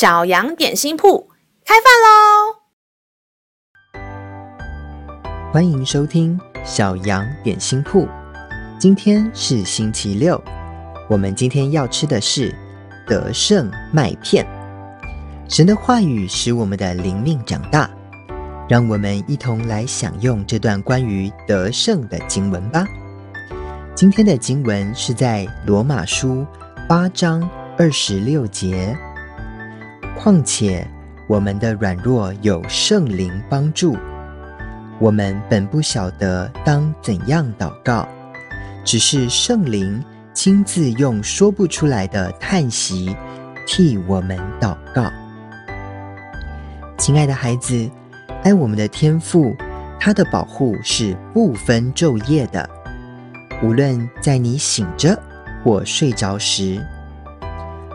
小羊點心鋪開飯嘍！歡迎收聽小羊點心鋪。今天是星期六，我們今天要吃的是德勝麥片。神的話語使我們的靈命長大，讓我們一同來享用這段關於德勝的經文吧。今天的經文是在羅馬書八章二十六節。況且，我們的軟弱有聖靈幫助，我們本不曉得當怎樣禱告，只是聖靈親自用說不出來的嘆息替我們禱告。親愛的孩子，愛我們的天父，他的保護是不分晝夜的，無論在你醒着或睡着時。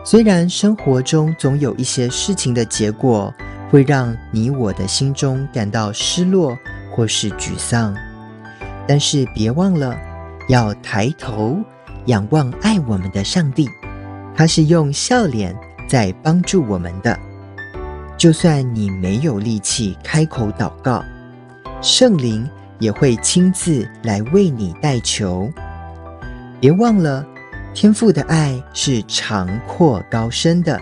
雖然生活中總有一些事情的結果會讓你我的心中感到失落或是沮喪，但是別忘了要抬頭仰望愛我們的上帝，他是用笑臉在幫助我們的。就算你沒有力氣開口禱告，聖靈也會親自來為你代求。別忘了。天父的愛是長闊高深的，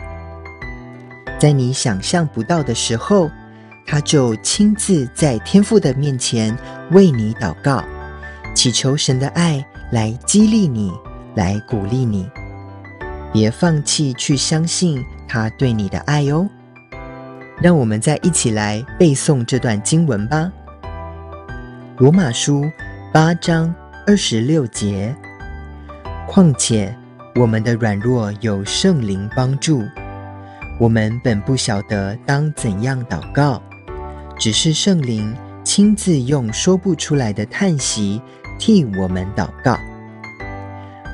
在你想象不到的時候，他就親自在天父的面前為你禱告，祈求神的愛來激勵你，來鼓勵你，別放棄去相信他對你的愛哦。讓我們再一起來背誦這段經文吧，《羅馬書》八章二十六節。況且，我們的軟弱有聖靈幫助，我們本不曉得當怎樣禱告，只是聖靈親自用說不出來的嘆息替我們禱告。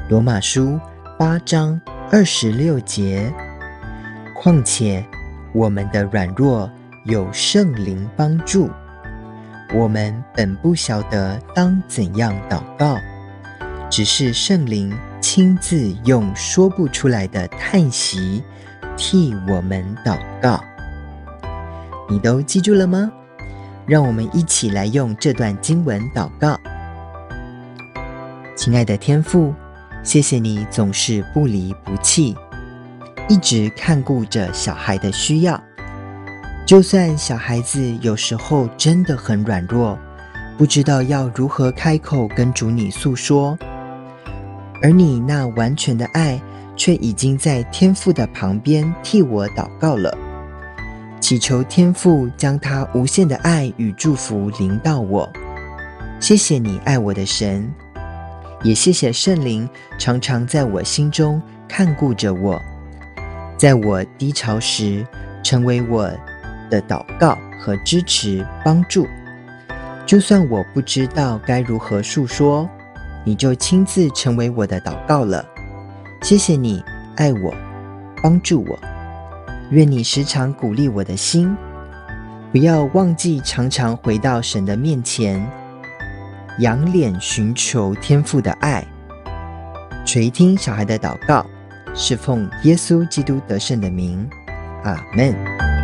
羅馬書八章二十六節。況且，我們的軟弱有聖靈幫助，我們本不曉得當怎樣禱告。只是聖靈親自用說不出來的嘆息替我們禱告，你都記住了嗎？讓我們一起來用這段經文禱告。親愛的天父，謝謝你總是不離不棄，一直看顧着小孩的需要，就算小孩子有時候真的很軟弱，不知道要如何開口跟主你訴說。而你那完全的愛，卻已經在天父的旁邊替我禱告了，祈求天父將他無限的愛與祝福臨到我。謝謝你愛我的神，也謝謝聖靈常常在我心中看顧着我，在我低潮時成為我的禱告和支持幫助，就算我不知道該如何訴說。你就親自成為我的禱告了，謝謝你愛我，幫助我，願你時常鼓勵我的心，不要忘記常常回到神的面前，仰臉尋求天父的愛，垂聽小孩的禱告，是奉耶穌基督得勝的名，阿門。